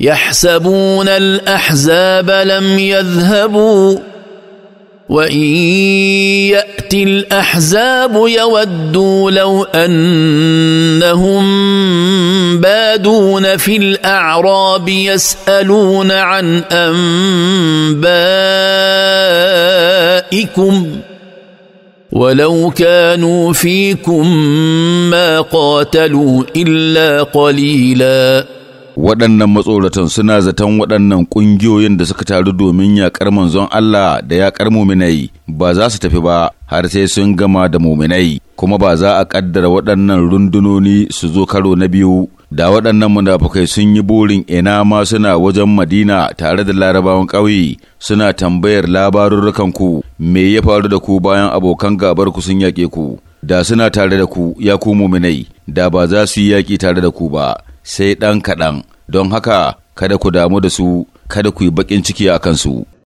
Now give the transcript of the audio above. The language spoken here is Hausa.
يحسبون الاحزاب لم يذهبوا وان ياتي الاحزاب يودوا لو انهم بادون في الاعراب يسالون عن انبائكم ولو كانوا فيكم ما قاتلوا الا قليلاً waɗannan matsoratan suna zaton waɗannan ƙungiyoyin da suka taru domin yaƙar manzon Allah da yaƙar muminai ba za su tafi ba har sai sun gama da muminai kuma ba za a ƙaddara waɗannan rundunoni su zo karo na biyu da waɗannan munafukai sun yi burin ina ma suna wajen madina tare da larabawan ƙauye suna tambayar labarurrukan ku me ya faru da ku bayan abokan gabar ku sun yaƙe ku da suna tare da ku ya ku muminai da ba za su yi yaƙi tare da ku ba sai ɗan kaɗan, don haka kada ku damu da su, kada ku yi baƙin ciki a kansu.